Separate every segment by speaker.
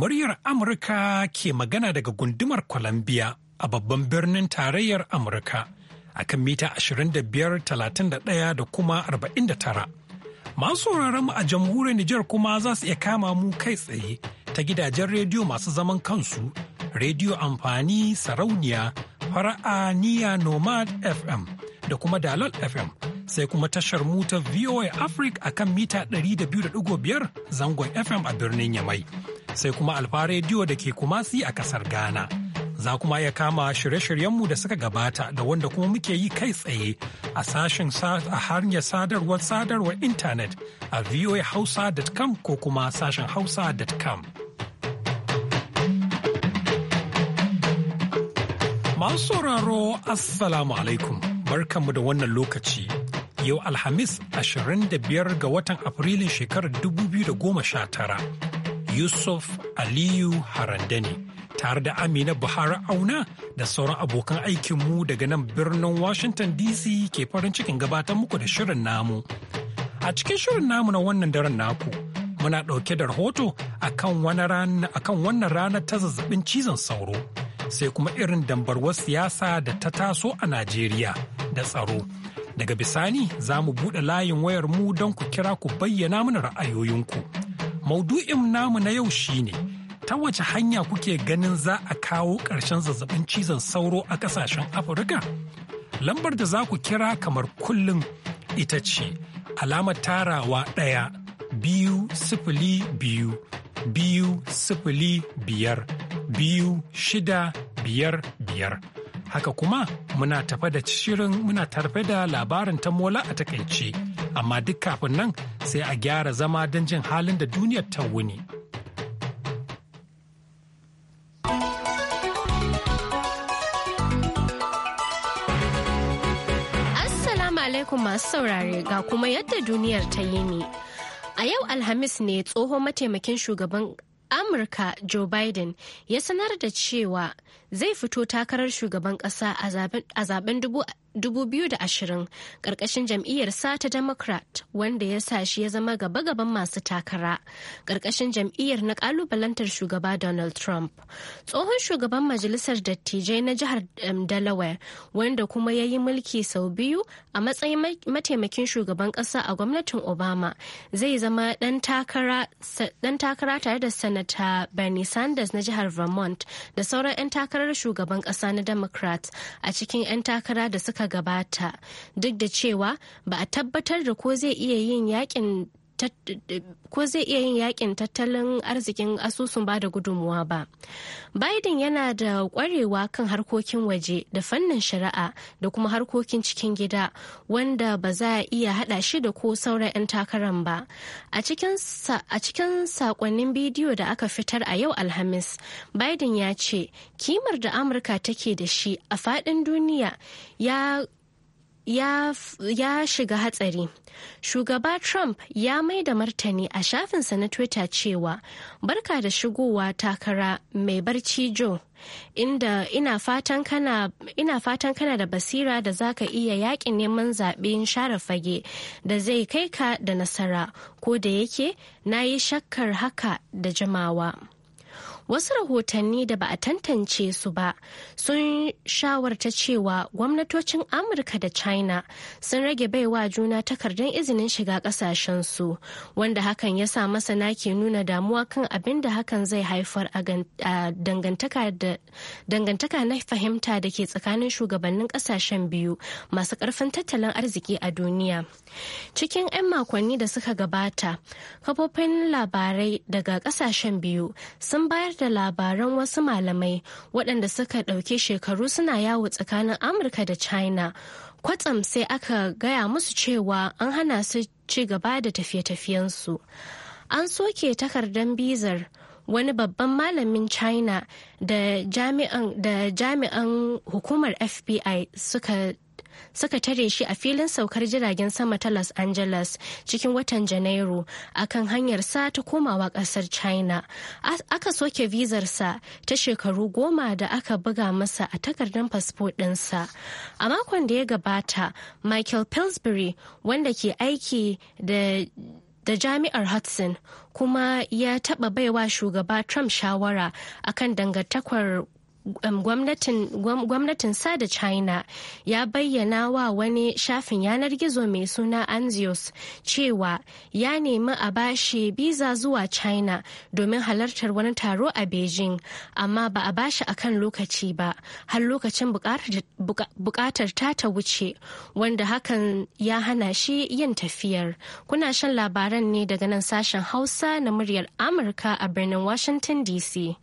Speaker 1: muryar Amurka ke magana daga gundumar Columbia a babban birnin tarayyar Amurka a kan mita 25,31 da kuma 49. Masu mu a jamhuriyar Nijar kuma za su iya kama mu kai tsaye ta gidajen rediyo masu zaman kansu, rediyo amfani sarauniya, fara'a niya nomad FM da kuma dalal FM. sai kuma tashar mu ta VOA Africa akan mita 200.5 zangon FM a birnin Yamai, sai kuma Alfa Radio da ke Kumasi a kasar Ghana. Za kuma ya kama shirye-shiryenmu da suka gabata da wanda kuma muke yi kai tsaye a sashen a hanyar sadarwar sadarwar intanet a voahausa.com ko kuma sashen hausa.com. Masu sauraro Assalamu alaikum, barkanmu da wannan lokaci yau Alhamis 25 ga watan Afrilun shekarar 2019 Yusuf Aliyu Harandani tare da Amina Buhari Auna da sauran abokan aikinmu daga nan birnin Washington DC ke farin cikin gabatar muku da shirin namu. A cikin shirin namu na wannan daren naku, muna ɗauke da rahoto akan wannan ranar ta zazzabin cizon sauro, sai kuma irin dambarwar siyasa da ta taso a Najeriya da tsaro. Daga bisani za mu buɗe layin wayar mu don ku kira ku bayyana mana ra'ayoyinku. Maudu'in namu na yau shine ta wace hanya kuke ganin za a kawo ƙarshen zazzabin cizon sauro a ƙasashen Afirka? Lambar da za ku kira kamar kullum ita ce alamar tarawa ɗaya biyu sifili biyu biyu sifili biyar biyu shida biyar biyar. Haka kuma muna tafe da shirin muna tarfe da labarin ta mola a takaice, amma duk kafin nan sai a gyara zama don jin halin da duniyar ta wuni.
Speaker 2: Assalamu alaikum masu saurare ga kuma yadda duniyar ta yi ne. A yau Alhamis ne tsoho mataimakin shugaban Amurka Joe Biden ya sanar da cewa zai fito takarar shugaban kasa a zaben 2020 ƙarƙashin jam'iyyar sata democrat wanda ya sa shi ya zama gaba-gaban masu takara ƙarƙashin jam'iyyar na ƙalubalantar shugaba donald trump tsohon shugaban majalisar dattijai na jihar delaware wanda kuma ya yi mulki sau biyu a matsayin mataimakin shugaban kasa a gwamnatin obama zai zama dan takara tare da sanata bernie sanders na jihar vermont da sauran 'yan takara takarar shugaban ƙasa na Democrat a cikin 'yan takara da suka gabata, duk da cewa ba a tabbatar da ko zai iya yin yakin ko zai iya yin yakin tattalin arzikin asusun ba da gudunmuwa ba. Biden yana da kwarewa kan harkokin waje da fannin shari'a da kuma harkokin cikin gida wanda ba za a iya hada shi da ko sauran 'yan takaran ba. A cikin sakonnin bidiyo da aka fitar a yau Alhamis, Biden ya ce kimar da Amurka take da shi a faɗin duniya ya ya, shiga hatsari. Shugaba Trump ya mai da martani a shafinsa na Twitter cewa barka da shigowa takara mai barci Joe. Inda ina fatan kana, da basira da zaka iya yakin neman zaɓen share fage da zai kai ka da nasara ko da yake na yi shakkar haka da jimawa. wasu rahotanni da ba a tantance su ba sun shawarta cewa gwamnatocin amurka da china sun rage baiwa juna takardar izinin shiga kasashensu wanda hakan ya sa masana ke nuna damuwa kan abin da hakan zai haifar a dangantaka na fahimta da ke tsakanin shugabannin kasashen biyu masu karfin tattalin arziki a duniya cikin 'yan makonni da suka gabata kafofin labarai daga kasashen biyu sun bayar da labaran wasu malamai waɗanda suka ɗauke shekaru suna yawo tsakanin Amurka da China. Kwatsam sai aka gaya musu cewa an hana su ci gaba da tafiye-tafiyensu. An soke takardar bizar wani babban malamin China da jami'an hukumar FBI suka suka tare shi a filin saukar jiragen sama ta Los Angeles cikin watan Janairu akan hanyar sa ta komawa kasar China. Aka soke sa ta shekaru goma da aka buga masa a takardar fasfo ɗinsa. A makon da ya gabata, Michael Pillsbury wanda ke aiki da da jami'ar Hudson kuma ya taba baiwa shugaba Trump shawara akan dangantakar Um, gwamnatin sa da china ya bayyana wa wani shafin yanar gizo mai suna anzios cewa ya nemi a bashi biza zuwa china domin halartar wani taro a beijing amma ba a bashi akan lokaci ba har lokacin bukatar ta ta wuce wanda hakan ya hana shi yin tafiyar kuna shan labaran ne daga nan sashen hausa na muryar amurka a birnin washington dc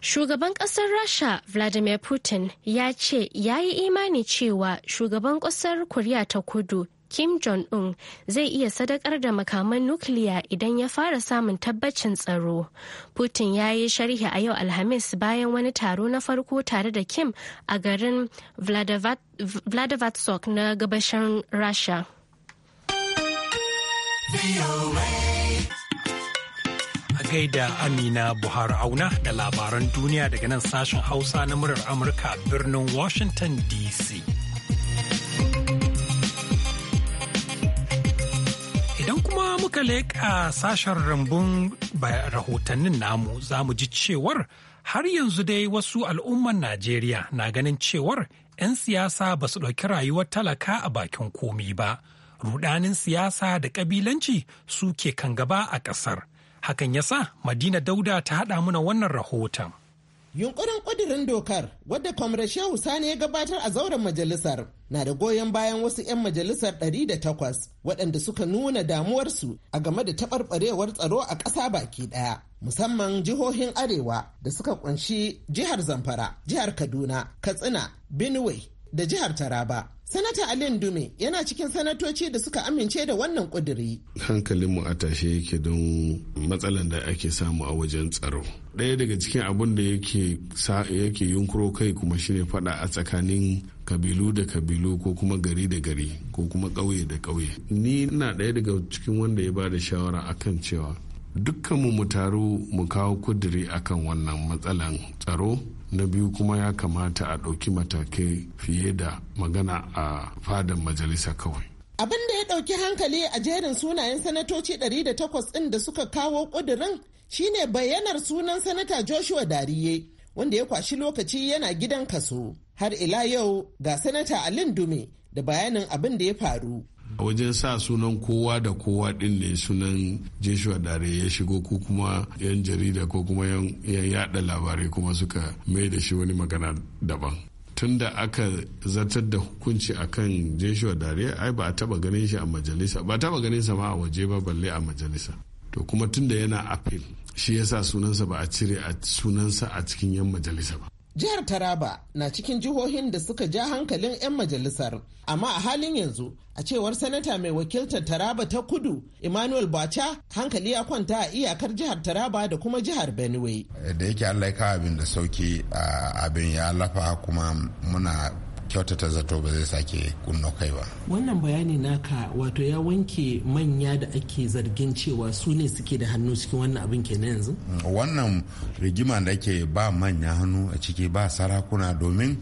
Speaker 2: Shugaban ƙasar Rasha Vladimir Putin ya ce ya yi imani cewa shugaban ƙasar Koriya ta kudu Kim Jong-un zai iya sadakar da makaman nukiliya idan ya fara samun tabbacin tsaro. Putin ya yi sharhi a yau Alhamis bayan wani taro na farko tare da Kim a garin Vladivostok na gabashin Rasha.
Speaker 1: gaida Amina Buhari Auna da labaran duniya daga nan sashen Hausa na murar Amurka birnin Washington DC. Idan kuma muka leƙa sashen rambun rahotannin namu za mu ji cewar har yanzu dai wasu al'umman Najeriya na ganin cewar 'yan siyasa ba su ɗauki rayuwar talaka a bakin komi ba. Rudanin siyasa da ƙabilanci su ke kan gaba a ƙasar. Hakan yasa Madina Dauda ta haɗa muna wannan rahoton.
Speaker 3: Yunkurin ƙudirin dokar wadda Kwamre Shehu Sani ya gabatar a zauren majalisar na da goyon bayan wasu 'yan majalisar 108 waɗanda suka nuna damuwarsu a game da taɓarɓarewar tsaro a ƙasa baki ɗaya. Musamman jihohin Arewa da suka ƙunshi jihar Zamfara, jihar Kaduna, Katsina, Benue da jihar Taraba. Sanata Alin Dume yana cikin sanatoci da suka amince da wannan ƙuduri.
Speaker 4: Hankalinmu a tashe yake don matsalan da ake samu a wajen tsaro. Ɗaya daga cikin abin da yake yunkuro kai kuma shine faɗa a tsakanin kabilu da kabilu ko kuma gari da gari ko kuma ƙauye da ƙauye. Ni na ɗaya daga cikin wanda ya bada shawara akan cewa dukkanmu mu taru mu kawo kuduri akan wannan matsalan tsaro na biyu kuma ya kamata a ɗauki matakai fiye da magana a fadan majalisa kawai
Speaker 3: abin da ya ɗauki hankali a jerin sunayen sanatoci 108 ɗin da suka kawo ƙudurin shine bayyanar sunan sanata joshua dariye wanda ya kwashi lokaci yana gidan kaso har ila yau ga sanata alin dume da bayanin abin da ya faru
Speaker 4: a wajen sa sunan kowa da kowa din ne sunan joshua dare ya shigo ko kuma yan jarida ko kuma yan yada labarai kuma suka mai da shi wani magana daban tun da aka zartar da hukunci akan joshua dare ai ba a taba ganin shi a majalisa ba a taba ganin sa ma a waje ba balle a majalisa to kuma tun da yana appeal shi yasa sunansa ba a cire a sunansa a cikin yan majalisa ba
Speaker 3: Jihar Taraba na cikin jihohin da suka ja hankalin 'yan majalisar, amma a halin yanzu a cewar sanata mai wakiltar Taraba ta kudu Emmanuel Bacha hankali ya kwanta a iyakar jihar Taraba da kuma jihar Benue. Da yake Allah ya abin da sauki abin ya lafa kuma muna kyautata zato ba zai sake kunno kai ba wannan bayani naka wato ya wanke manya da ake zargin cewa su ne suke da hannu cikin wannan abin ke na yanzu wannan rigima da ke ba manya hannu a ciki ba sarakuna domin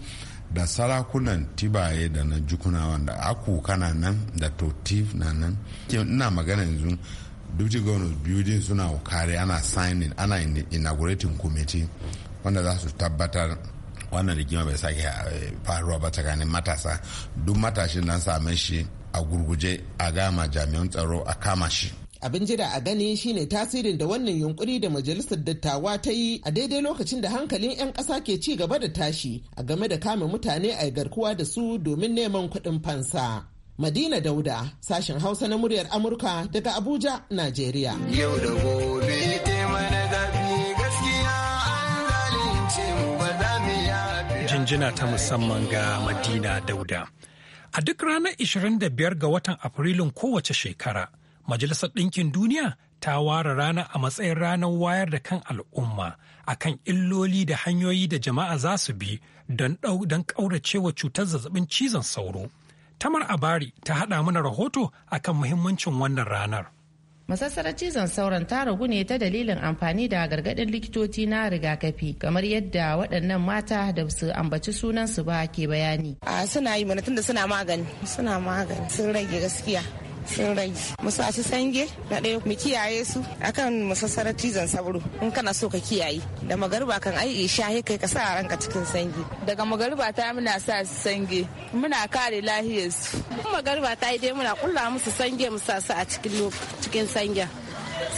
Speaker 3: da sarakunan tibaye da na jukuna wanda aku kana nan da totif na nan ina magana yanzu duty governors building suna kare ana signing ana inaugurating committee wanda za su tabbatar wannan rigima bai sake eh, faruwa ba tsakanin matasa duk matashin nan same shi a gurguje a gama jami'an tsaro a kama shi abin jira a gani shine tasirin da wannan yunkuri da majalisar dattawa ta yi a daidai lokacin da hankalin 'yan ƙasa ke ci gaba da tashi a game da kama mutane a garkuwa da su domin neman kuɗin fansa madina dauda sashen hausa na muryar amurka daga abuja najeriya
Speaker 1: yau da jina ta musamman ga Madina Dauda. A duk ranar 25 ga watan Afrilun kowace shekara, Majalisar Ɗinkin Duniya ta ware rana a matsayin ranar wayar da kan al'umma a kan illoli da hanyoyi da jama'a za su bi don ƙauracewa cutar zazzabin cizon sauro. Tamar Abari ta haɗa mana rahoto akan muhimmancin wannan ranar.
Speaker 5: masassarar cizon sauron ta ragu ne ta dalilin amfani da gargaɗin likitoci na rigakafi kamar yadda waɗannan mata da su ambaci sunansu ba ke bayani a suna yi mana tunda suna magani suna magani sun rage gaskiya sun rage musu a sange na ɗaya mu kiyaye su akan musassarar cizon sauro in kana so ka kiyaye da magariba kan ai isha kai ka sa ranka cikin sange daga magariba ta muna sa su sange muna kare lahiyar su magariba ta yi dai muna kulla musu sange mu sa su a cikin lokaci cikin sanya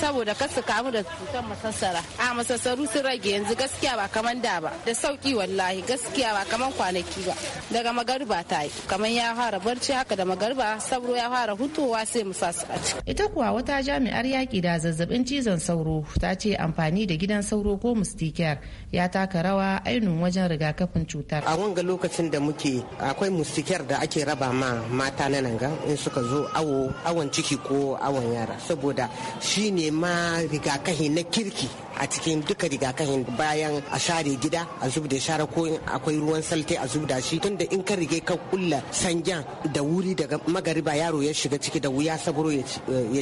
Speaker 5: saboda kar su kamu da cutar masassara a masassaru sun rage yanzu gaskiya ba kaman da ba da sauki wallahi gaskiya ba kaman kwanaki ba daga magarba ta yi kaman ya fara barci haka da magarba sauro ya fara hutowa sai mu sa su a ciki ita kuwa wata jami'ar yaki da zazzabin cizon sauro ta ce amfani da gidan sauro ko mustikiyar ya taka rawa ainihin wajen rigakafin cutar a wanga
Speaker 6: lokacin da muke akwai mustikiyar da ake raba ma mata na nan in suka zo awo awon ciki ko awon yara saboda shi shi ne ma rigakahi na kirki a cikin duka rigakafin bayan a share gida a zubda share ko akwai ruwan salte a zubda shi tunda in ka rige ka kulla sanjan da wuri daga magariba yaro ya shiga ciki da wuya saburo ya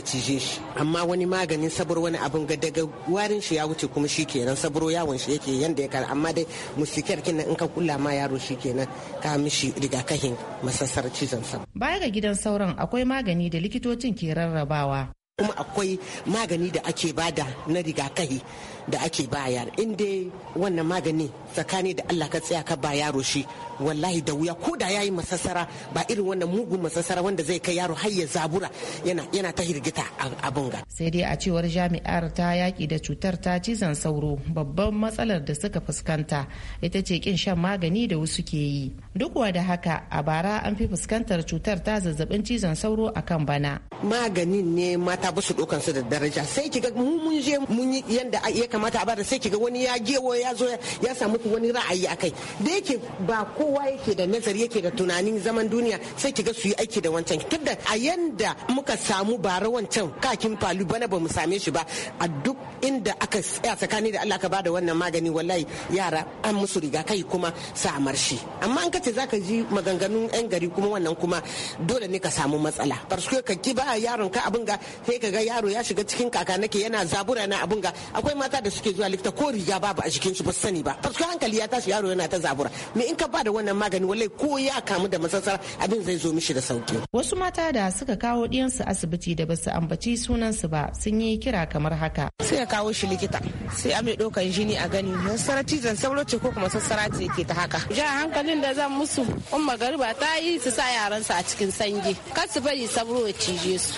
Speaker 6: cije shi amma wani maganin saburo wani abin ga daga warin shi ya wuce kuma shi kenan saburo yawon shi yake yanda ya kara amma dai musikiyar kenan in ka kulla ma yaro shi kenan ka mishi rigakafin masassar cizon sa
Speaker 5: baya ga gidan sauran akwai magani da likitocin ke rarrabawa kuma akwai magani da ake bada na rigakahi da ake ba
Speaker 6: in dai wannan magani tsakani da Allah ka tsaya ka ba yaro shi wallahi da wuya ko da yayi masassara ba irin wannan mugun masassara wanda zai kai yaro har ya zabura yana yana ta hirgita abin ga
Speaker 5: sai dai a cewar jami'ar ta yaki da cutar ta cizon sauro babban matsalar da suka fuskanta ita ce kin shan magani da wasu ke yi duk da haka a bara an fi fuskantar cutar ta zazzabin cizon sauro akan bana maganin
Speaker 6: ne mata ba su su da daraja sai kiga mu mun je mun yi yanda ya kamata a bada sai kiga wani ya gewo ya zo ya samu wani ra'ayi akai da yake ba kowa yake da nazari yake da tunanin zaman duniya sai kiga su yi aiki da wancan tunda a yanda muka samu bara wancan kakin falu bana ba mu same shi ba a duk inda aka tsaya tsakani da Allah ka bada wannan magani wallahi yara an musu rigakai kuma samar shi amma an kace zaka ji maganganun yan gari kuma wannan kuma dole ne ka samu matsala barsuke ka ki ba yaron ka abin ga sai ka yaro ya shiga cikin kaka nake yana zabura na abin ga akwai mata da suke zuwa likita ko riga babu a jikin su ba sani ba farko hankali ya tashi yaro yana ta zabura me in ka ba da wannan magani wallahi ko ya kamu da masassara abin zai zo mishi da sauki
Speaker 5: wasu mata da suka kawo ɗiyansu asibiti da basu ambaci sunansu ba sun yi kira kamar haka sai ya kawo shi likita sai a mai ɗaukan jini a gani sarati cizon sauro ce ko kuma sassara ce ke ta haka ja hankalin da zan musu umma gariba ta yi su sa su a cikin sange kar su bari sauro ya cije su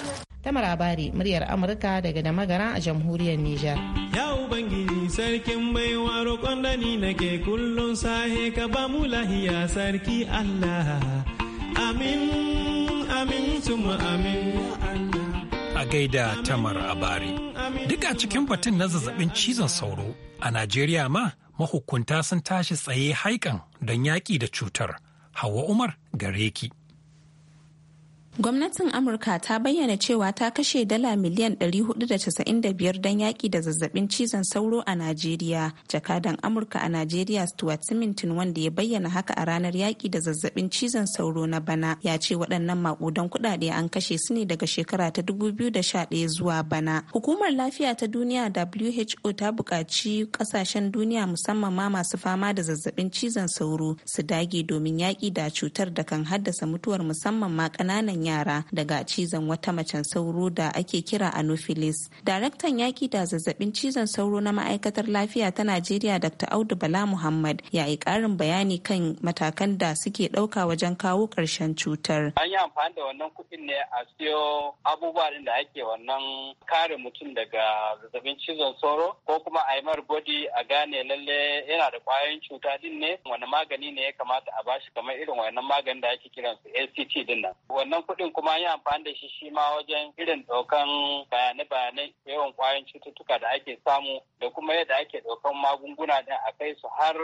Speaker 5: Tamar Abari muryar Amurka daga da a jamhuriyar Nijar.
Speaker 7: Ya Ubangiji sarkin baiwa roƙon da ni nake kullum sahe ka ba mu lahiya sarki Allah. Amin, amin, suma amin.
Speaker 1: A gaida Tamar Abari. Duk a cikin batun na zazzabin cizon sauro a Najeriya ma mahukunta sun tashi tsaye haikan don yaƙi da cutar. Hawa Umar gare ki.
Speaker 8: Gwamnatin Amurka ta bayyana cewa ta kashe dala miliyan 495 don yaƙi da zazzabin cizon sauro a Najeriya. Jakadan Amurka a Najeriya Stuart Simington wanda ya bayyana haka a ranar yaƙi da zazzabin cizon sauro na bana ya ce waɗannan maƙudan kuɗaɗe an kashe su ne daga shekara ta 2011 zuwa bana. Hukumar lafiya ta duniya WHO ta buƙaci ƙasashen duniya musamman ma masu fama da zazzabin cizon sauro su dage domin yaƙi da cutar da kan haddasa mutuwar musamman ma ƙananan yara daga cizon wata macen sauro da ake kira anopheles daraktan yaki da zazzabin cizon sauro na ma'aikatar lafiya ta najeriya dr audu bala muhammad ya yi karin bayani kan matakan da suke ɗauka wajen kawo karshen cutar
Speaker 7: an yi amfani da wannan kuɗin ne a siyo abubuwa da ake wannan kare mutum daga zazzabin cizon sauro ko kuma a yi mar gwaji a gane lalle yana da kwayoyin cuta din ne wani magani ne ya kamata a bashi kamar irin wannan maganin da ake kiransu act din nan wannan kuɗin kuma an yi amfani da shi shi ma wajen irin ɗaukan bayanai-bayanai yawan kwayoyin cututtuka da ake samu da kuma yadda ake ɗaukan magunguna da a kai su har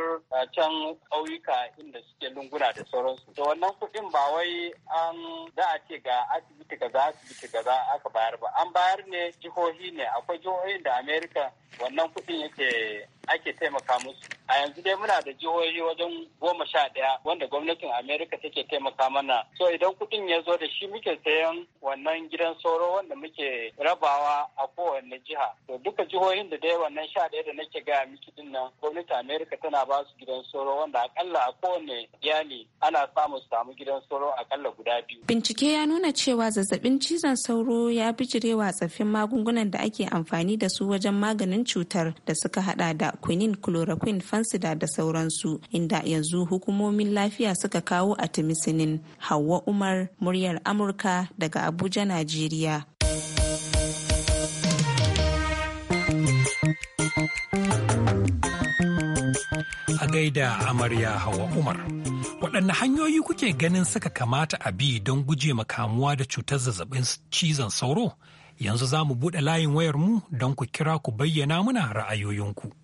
Speaker 7: can ƙauyuka inda suke lunguna da sauransu. Da wannan kuɗin ba wai an za a ce ga asibiti kaza asibiti kaza aka bayar ba. An bayar ne jihohi ne akwai jihohin da Amerika wannan kuɗin yake ake taimaka musu a yanzu dai muna da jihohi wajen goma sha ɗaya wanda gwamnatin amerika take taimaka mana so idan kuɗin ya zo da shi muke sayan wannan gidan sauro wanda muke rabawa a kowane jiha to duka jihohin da dai wannan sha ɗaya da nake gaya miki din nan gwamnatin amerika tana ba su gidan sauro wanda akalla a kowane iyali ana samu su
Speaker 9: samu gidan sauro akalla guda biyu
Speaker 8: bincike ya nuna cewa zazzabin cizon sauro ya bijirewa tsaffin magungunan da ake amfani da su wajen maganin cutar da suka hada da quinine chloroquine fansida da sauransu inda yanzu hukumomin lafiya suka kawo a atimisinin hawa umar muryar amurka daga abuja najeriya
Speaker 1: a gaida amarya hawa umar waɗanne hanyoyi kuke ganin suka kamata a bi don guje ma kamuwa da cutar zazzabin cizon sauro yanzu za mu buɗe layin wayar mu don ku kira ku bayyana muna ra'ayoyinku.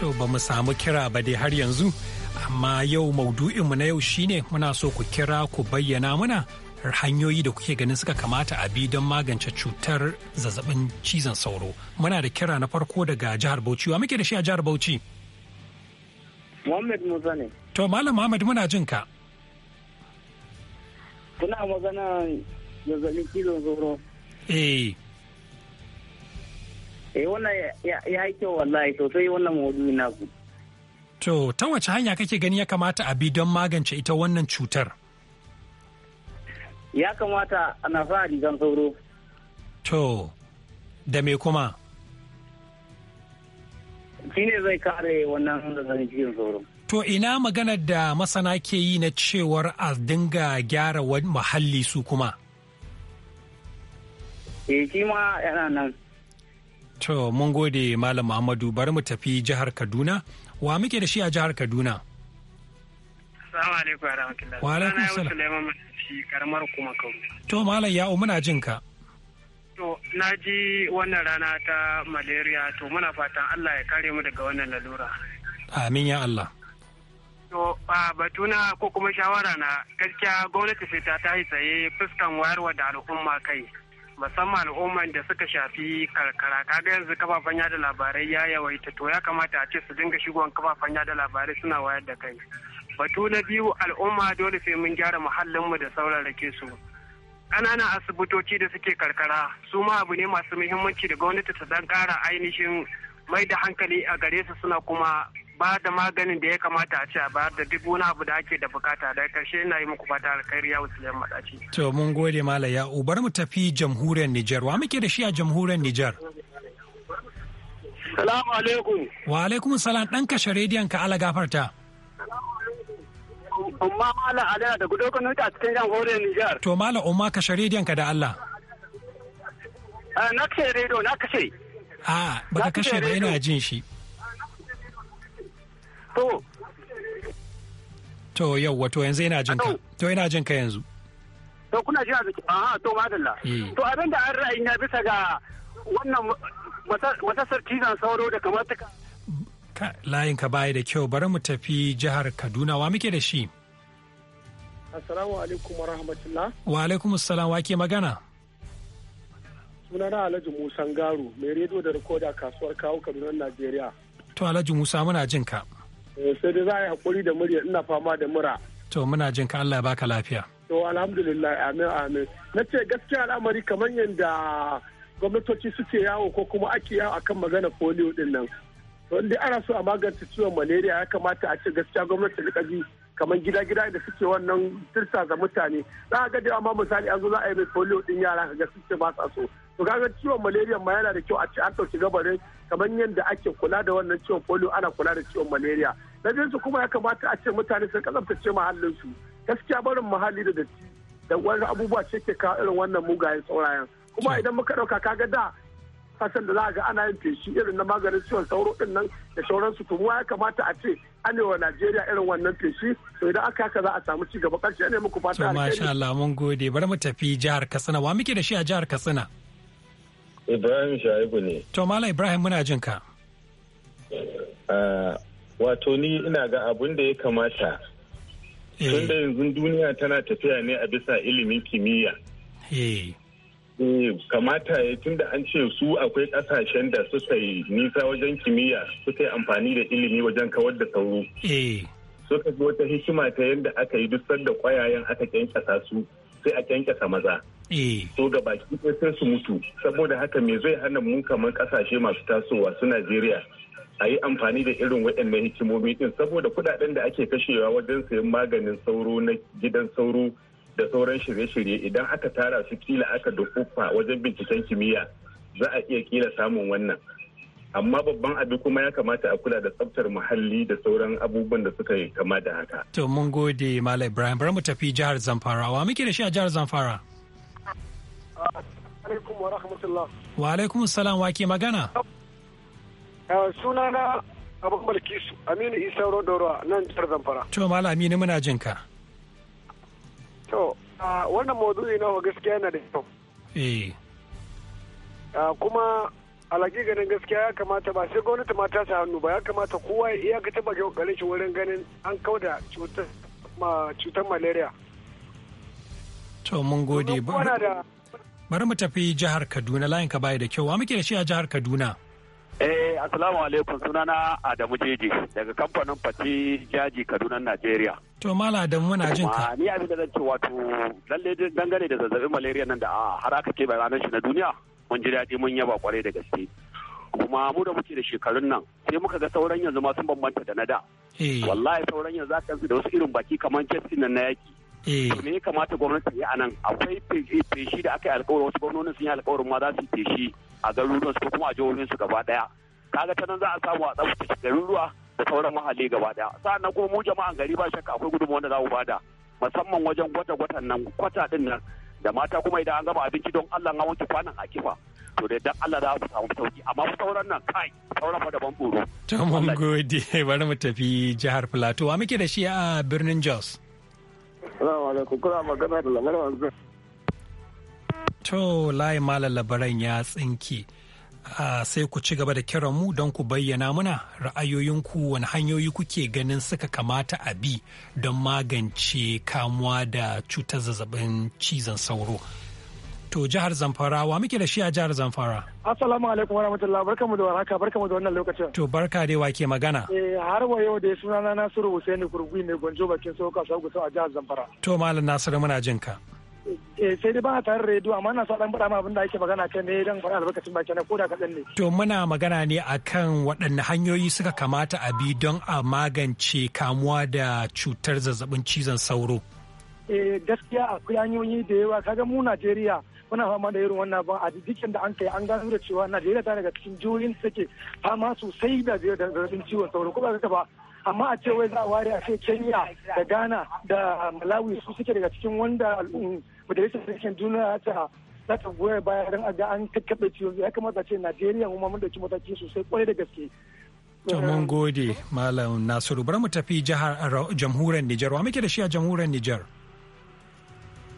Speaker 1: To ba mu samu kira ba dai har yanzu, amma yau maudu'inmu na yau shine muna so ku kira ku bayyana muna hanyoyi da kuke ganin suka kamata a bi don magance cutar zazzabin cizon sauro. Muna da kira na farko daga jihar Bauchi, wa muke da shi a jihar Bauchi?
Speaker 9: Muhammad
Speaker 7: Musa ne.
Speaker 1: To Malam Muhammad muna jin ka.
Speaker 7: Kuna magana zazzabin cizon sauro. Eh. eh wannan ya yi kyau wallahi sosai wannan maudu'i na ku
Speaker 1: to ta wace hanya kake gani ya kamata a bi don magance ita wannan cutar
Speaker 7: ya kamata ana sa rigan sauro
Speaker 1: to da me kuma
Speaker 7: shi ne zai kare wannan zazzabin cikin sauro
Speaker 1: To ina maganar da masana ke yi na cewar a dinga gyara wani muhalli su kuma?
Speaker 7: E, shi ma yana nan.
Speaker 1: To mun gode Malam Muhammadu bari mu tafi jihar Kaduna. Wa muke da shi a jihar Kaduna?
Speaker 9: Assalamu alaikum wa rahmatullahi. Wa alaikum salam. Sulaiman shi karamar kuma kauru.
Speaker 1: To Malam Ya'u muna jin ka.
Speaker 9: To na ji wannan rana ta malaria to muna fatan Allah ya kare mu daga wannan lalura.
Speaker 1: Amin ya Allah.
Speaker 9: To a batuna ko kuma shawara na gaskiya gwamnati sai ta tsaye fuskan wayarwa da al'umma kai. musamman al'umman da suka shafi karkara kaga yanzu kafafen yada labarai ya yawaita to ya kamata a ce su dinga shigowan kafafen yada labarai suna wayar da kai batu na biyu al'umma dole sai mun gyara muhallinmu da rake su ƙananan asibitoci da suke karkara su ma abu ne masu muhimmanci da gwamnati ta dan ƙara ainihin mai da hankali a gare su suna kuma ba da maganin da ya kamata a ce a bayar da duk wani abu da ake da bukata da karshe ina yi muku fata alkhairi ya wasu madaci.
Speaker 1: To mun gode malam ya ubar mu tafi jamhuriyar Nijar wa muke da shi a jamhuriyar Nijar. Salamu alaikum. Wa alaikum salam dan kashe rediyon ka ala gafarta.
Speaker 9: Umma mala alaya da gudu kan a cikin jamhuriyar
Speaker 1: Nijar. To mala umma kashe rediyon ka da Allah.
Speaker 9: Eh, na kashe rediyo na kashe.
Speaker 1: A ba ka kashe ba ina jin shi. to to yau wato yanzu ina jin ka to ina jin ka yanzu to kuna ji Aha to madalla eh. to abin da an ra'ayin ya bisa ga wannan
Speaker 9: matasar cizon sauro da kamar ta ka.
Speaker 1: layin ka bayi da kyau bari mu tafi jihar Kaduna wa muke da shi
Speaker 9: Assalamu alaikum wa rahmatullah
Speaker 1: Wa alaikum assalam wa ke magana
Speaker 9: Sunana Alhaji Musa Garu mai rediyo da rikoda kasuwar kawo Kaduna Najeriya
Speaker 1: To Alhaji Musa muna jin ka
Speaker 9: Eh, sai dai za a yi hakuri da murya ina fama da mura
Speaker 1: to muna jin ka Allah ya baka lafiya
Speaker 9: to alhamdulillah amin amin na ce gaskiya al'amari kamar yadda gwamnatoci suke yawo ko kuma ake yawo akan magana polio din nan to inda ana so a magance ciwon malaria ya kamata a ce gaskiya gwamnati ta bi kamar gida-gida da suke wannan tirsa ga mutane za a ga da amma misali an zo za a yi mai polio din yara ga suke ba sa so to kaga ciwon malaria ma yana da kyau a ci an ɗauki gabarin kamar yadda ake kula da wannan ciwon polio ana kula da ciwon malaria na su kuma ya kamata a ce mutane su kasabtace mahallinsu gaskiya barin muhalli da datti da wani abubuwa ce ke kawo irin wannan mugayen saurayen kuma idan muka ɗauka kaga da kasan da za ga ana yin feshi irin na maganin ciwon sauro din nan da sauransu to ya kamata a ce anewa Najeriya irin wannan feshi to idan aka haka za a samu ci gaba karshe ne muku fata alheri to masha
Speaker 1: Allah mun gode bari mu tafi jihar Katsina wa muke da shi a jihar Katsina
Speaker 9: Ibrahim Shaibu ne.
Speaker 1: To Mala Ibrahim muna jin ka.
Speaker 9: Ah, wato ni ina ga abun da ya kamata. Eh. Tun da yanzu duniya tana tafiya ne a bisa ilimin kimiyya. Eh. Eh, kamata ya tun da an ce su akwai kasashen da suka yi nisa wajen kimiyya suka yi amfani da ilimi wajen kawar da sauro. Suka ji wata hikima ta yadda aka yi dusar da kwayayen aka kyankyasa su. sai a kyankyasa maza so eh. ga baki sai su mutu saboda haka me zai hana mu kamar kasashe masu tasowa su najeriya a yi amfani da irin waɗannan hikimomi din saboda kuɗaɗen da ake kashewa wajen sayan maganin sauro na gidan sauro da sauran shirye-shirye idan aka tara su kila aka dukufa wajen binciken kimiyya za a iya kila samun wannan amma babban abu kuma ya kamata a kula da tsaftar muhalli da sauran abubuwan da suka yi
Speaker 1: kama da haka. To mun gode Malam Ibrahim bari mu tafi jihar Zamfara wa muke da shi a jihar Zamfara. wa alaikum salam wa ke magana.
Speaker 9: Uh, sunana Abu Balkisu Aminu Isa Rodoro nan jihar Zamfara.
Speaker 1: To Malam Aminu muna jin ka.
Speaker 9: To uh, wannan maudu'i na gaskiya yana da kyau. Eh. Uh, kuma alaƙi ganin gaskiya ya kamata ba sai gwamnati ma ta sa hannu ba ya kamata kowa ya ka ba kokarin shi wurin ganin an kauda cutar cutar malaria
Speaker 1: to mun gode ba bari mu tafi jihar Kaduna layin ka bai da kyau wa muke da shi a jihar Kaduna
Speaker 9: eh assalamu alaikum sunana Adamu Jeje daga kamfanin Fati Jaji Kaduna Najeriya
Speaker 1: to mala Adamu muna jin ka
Speaker 9: ni abin da zan ce wato lalle dangane da zazzabin malaria nan da har aka ke bayanan shi na duniya mun ji daɗi mun yaba kwarai da gaske kuma mu da muke da shekarun nan sai muka ga sauran yanzu ma sun bambanta da na da eh. wallahi sauran yanzu aka da wasu irin baki kamar kestin nan na yaki eh. me ya kamata gwamnati a nan akwai feshi da aka yi alkawarin wasu gwamnonin sun yi alkawarin ma za su feshi a garuruwan su kuma a jihohin su gaba daya kaga ta nan za a samu a tsaftace garuruwa da sauran mahalli gaba daya nan kuma mu jama'a gari ba shakka akwai gudunmawar da za mu bada musamman wajen gwata-gwatan nan kwata din nan da mata kuma idan an gama abinci don Allah an wanke kwanan a kifa to da dan Allah za su samu sauki amma sauran nan kai sauran fa daban
Speaker 1: tsoro to mun gode bari mu tafi jihar Plateau wa muke da shi a birnin Jos
Speaker 9: Assalamu alaikum kuna magana da lamarin
Speaker 1: To lai malam labaran ya tsinki. Ah, sai ku ci gaba da kiran mu don ku bayyana muna ra'ayoyinku wani hanyoyi kuke ganin suka kamata a bi don magance kamuwa da cutar zazzabin cizon sauro. To jihar Zamfara wa muke da shi a jihar Zamfara?
Speaker 9: Assalamu alaikum wa rahmatullahi barkamu da warhaka barkamu da wannan lokacin.
Speaker 1: To barka dai wake magana.
Speaker 9: Eh har wa yau dai sunana Nasiru Hussaini Kurgui ne Gonjo bakin Sokoka Sokoto a jihar Zamfara.
Speaker 1: To malam Nasiru muna jin ka.
Speaker 9: Eh, eh, sai dai ba a tare rediyo amma na sadan dan faɗa ma abin da ake magana kan ne dan faɗa albarkacin baki na koda kaɗan ne.
Speaker 1: To muna magana ne kan waɗanne hanyoyi suka kamata a bi don a magance kamuwa da cutar zazzabin cizon sauro.
Speaker 9: Eh gaskiya akwai hanyoyi da yawa kaga mu Najeriya muna fama da irin wannan ba a dukkan da an kai an gano da cewa najeriya ta daga cikin jihohin da take fama sosai da zazzabin ciwon sauro ko ba ba amma a ce wai za a ware a ce kenya da ghana da malawi su suke daga cikin wanda majalisar ɗinkin duniya ta za ta goya baya don a ga an kakkaɓe ciwon ya kamata ce najeriya kuma mun ɗauki mataki sosai kwarai da gaske
Speaker 1: mun gode malam nasiru bari mu tafi jihar uh, jamhuriyar nijar wa muke da shi a jamhuriyar nijar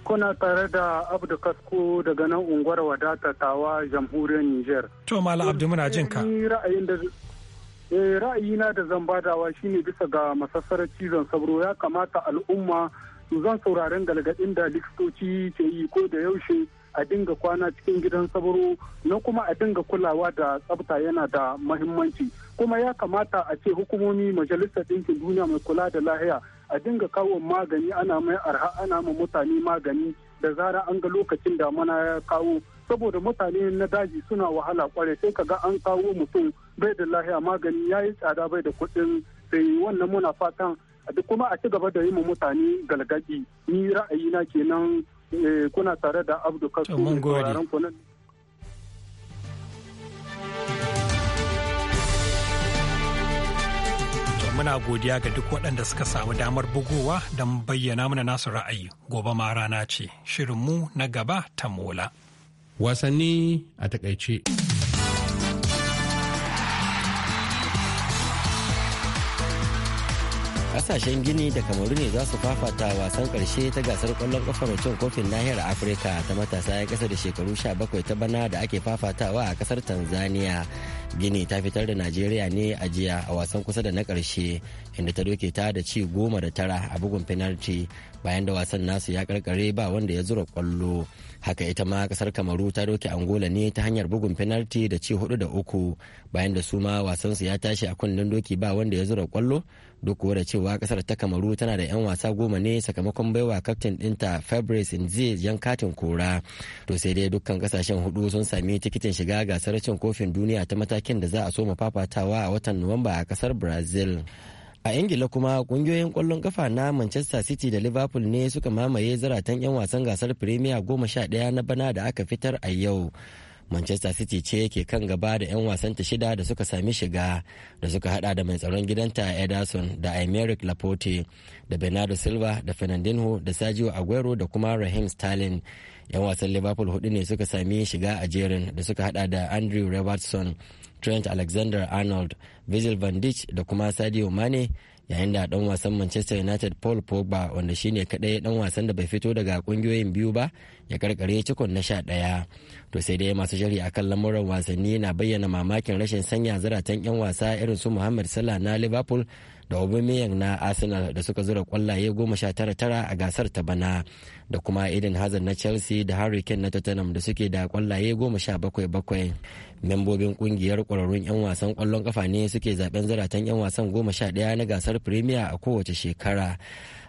Speaker 9: kuna tare da abdu kasko daga nan unguwar wadata tawa jamhuriyar nijar
Speaker 1: to malam abdu muna jin ka
Speaker 9: eh ra'ayina da zan badawa shine bisa ga masassarar cizon sauro ya kamata al'umma su zan sauraren galgadin da likitoci ke yi ko da yaushe a dinga kwana cikin gidan sauro na kuma a dinga kulawa da tsafta yana da mahimmanci kuma ya kamata a ce hukumomi majalisar ɗinkin duniya mai kula da lahiya a dinga kawo magani ana mai arha ana ma mutane magani da zara an ga lokacin da mana ya kawo saboda mutane na daji suna wahala kwarai sai ka ga an kawo mutum bai da lahiya magani ya yi tsada bai da kuɗin sai wannan muna fatan da kuma a ci gaba da yi mu mutane galgaji ni ra'ayi na kenan eh, kuna tare da abdu kasu
Speaker 1: muna godiya ga duk waɗanda suka samu damar bugowa don bayyana mana nasu ra'ayi gobe ma rana ce shirinmu na gaba ta mola.
Speaker 10: wasanni a takaice. kasashen gini da kamaru ne za su fafata wasan karshe ta gasar kwallon mai cin kofin nahiyar afirka ta matasa ya kasa da shekaru bakwai ta bana da ake fafatawa a kasar tanzania gini ta fitar da najeriya ne a jiya a wasan kusa da na karshe inda ta doke ta da ci goma da tara a bugun penalty bayan da wasan nasu ya karkare ba wanda ya zura kwallo haka ita ma kasar kamaru ta doke angola ne ta hanyar bugun penalty da ci hudu da uku bayan da su ma wasansu ya tashi a kunnen doki ba wanda ya zura kwallo duk kuwa da cewa kasar ta kamaru tana da 'yan wasa goma ne sakamakon baiwa kaftin dinta fabrice nzie yan katin kora to sai dai dukkan kasashen hudu sun sami tikitin shiga gasar cin kofin duniya ta matakin da za a soma fafatawa a watan nuwamba a kasar brazil a ingila kuma kungiyoyin kwallon kafa na manchester city da liverpool ne suka mamaye zaratan 'yan wasan gasar premier goma sha ɗaya na bana da aka fitar a yau manchester city ce ke kan gaba da 'yan wasanta shida da suka sami shiga da suka hada da mai tsaron gidanta ederson da aymeric laporte da bernardo silva da fernandinho da sergio aguero da kuma raheem sterling 'yan wasan liverpool hudu ne suka sami shiga a jerin da suka hada da andrew robertson trent alexander arnold virgil van dijk da kuma sadio mane yayin da dan wasan manchester united paul pogba wanda shine kadai dan wasan da bai fito daga kungiyoyin biyu ba ya karkare cikon na sha daya to sai dai masu shari kan lamuran wasanni na bayyana mamakin rashin sanya zaratan yan wasa irin su muhammad salah na liverpool da Aubameyang na Arsenal da suka zura kwallaye goma sha tara tara a gasar ta bana da kuma Eden Hazard na Chelsea da Harry Kane na Tottenham da suke da kwallaye goma sha bakwai bakwai. Membobin kungiyar kwararrun 'yan wasan kwallon kafa ne suke zaben zaratan 'yan wasan goma sha ɗaya na gasar Premier a kowace shekara.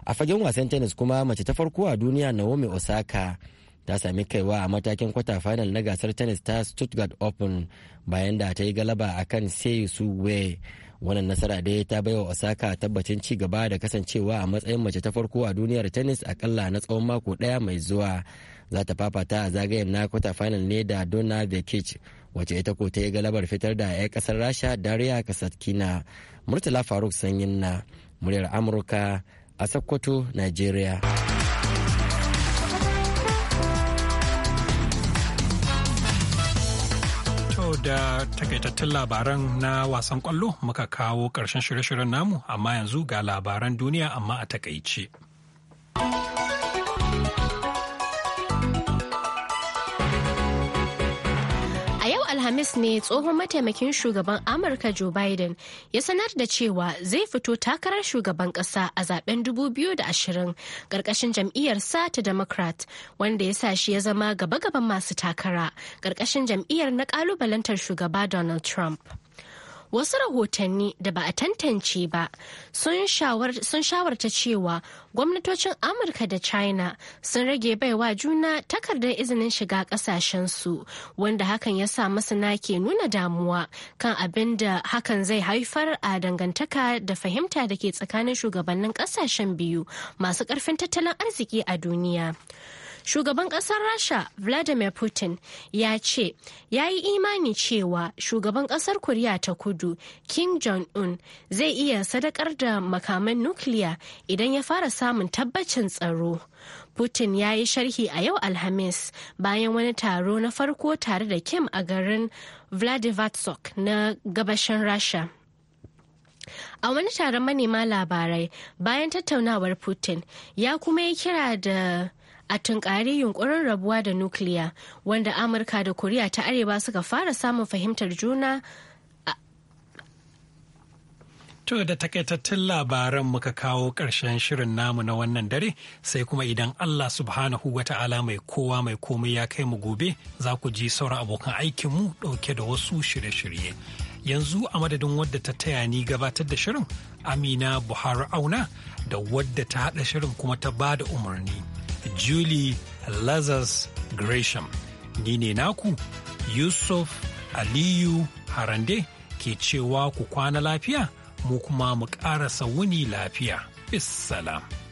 Speaker 10: A fagen wasan tennis kuma mace ta farko a duniya Naomi Osaka ta sami kaiwa a matakin kwata final na gasar tennis ta Stuttgart Open bayan da ta yi galaba akan Sei Suwe. wannan nasara dai ta bai wa osaka tabbacin ci gaba da kasancewa a matsayin mace ta farko a duniyar tennis akalla na tsawon mako daya mai zuwa za ta fafata a zagayen na quarter final ne da donna vekic wace ita ko ta yi galabar fitar da 'yan kasar rasha daria kasatkina murtala faruk sanyin na muryar amurka a sokoto nigeria
Speaker 1: da takaitattun labaran na wasan kwallo muka kawo ƙarshen shirye-shiryen namu amma yanzu ga labaran duniya amma a takaice.
Speaker 2: Alhamis ne tsohon mataimakin shugaban Amurka Joe Biden ya sanar da cewa zai fito takarar shugaban ƙasa a zaben 2020 ƙarƙashin jam'iyyarsa ta Democrat wanda ya sa shi ya zama gaba-gaban masu takara ƙarƙashin jam'iyyar na ƙalubalantar shugaba Donald Trump. Wasu rahotanni da ba a tantance ba sun shawarta cewa gwamnatocin Amurka da China sun rage baiwa juna takardar izinin shiga kasashensu wanda hakan ya sa masana ke nuna damuwa kan abin da hakan zai haifar a dangantaka da fahimta da ke tsakanin shugabannin kasashen biyu masu karfin tattalin arziki a duniya. Shugaban ƙasar Rasha Vladimir Putin ya ce ya yi imani cewa shugaban ƙasar Koriya ta kudu Kim Jong-un zai iya sadakar da makaman nukiliya idan ya fara samun tabbacin tsaro. Putin ya yi sharhi a yau Alhamis bayan wani taro na farko tare da Kim a garin Vladivostok na gabashin Rasha. A wani taron manema labarai bayan tattaunawar Putin ya kuma yi kira da a tunkari yunkurin rabuwa da nukiliya wanda amurka da koriya ta arewa suka fara samun fahimtar juna
Speaker 1: To da takaitattun labaran muka kawo ƙarshen shirin namu na wannan dare sai kuma idan Allah subhanahu wa ta'ala mai kowa mai komai ya kai mu gobe za ku ji sauran abokan aikinmu ɗauke da wasu shirye-shirye. Yanzu a madadin wadda ta taya ni gabatar da shirin Amina Buhari Auna da wadda ta haɗa shirin kuma ta ba da umarni. Julie Lazarus Gresham. Ni ne naku Yusuf Aliyu Harande ke cewa ku kwana lafiya, mu kuma mu ƙara wuni lafiya. Bissalam.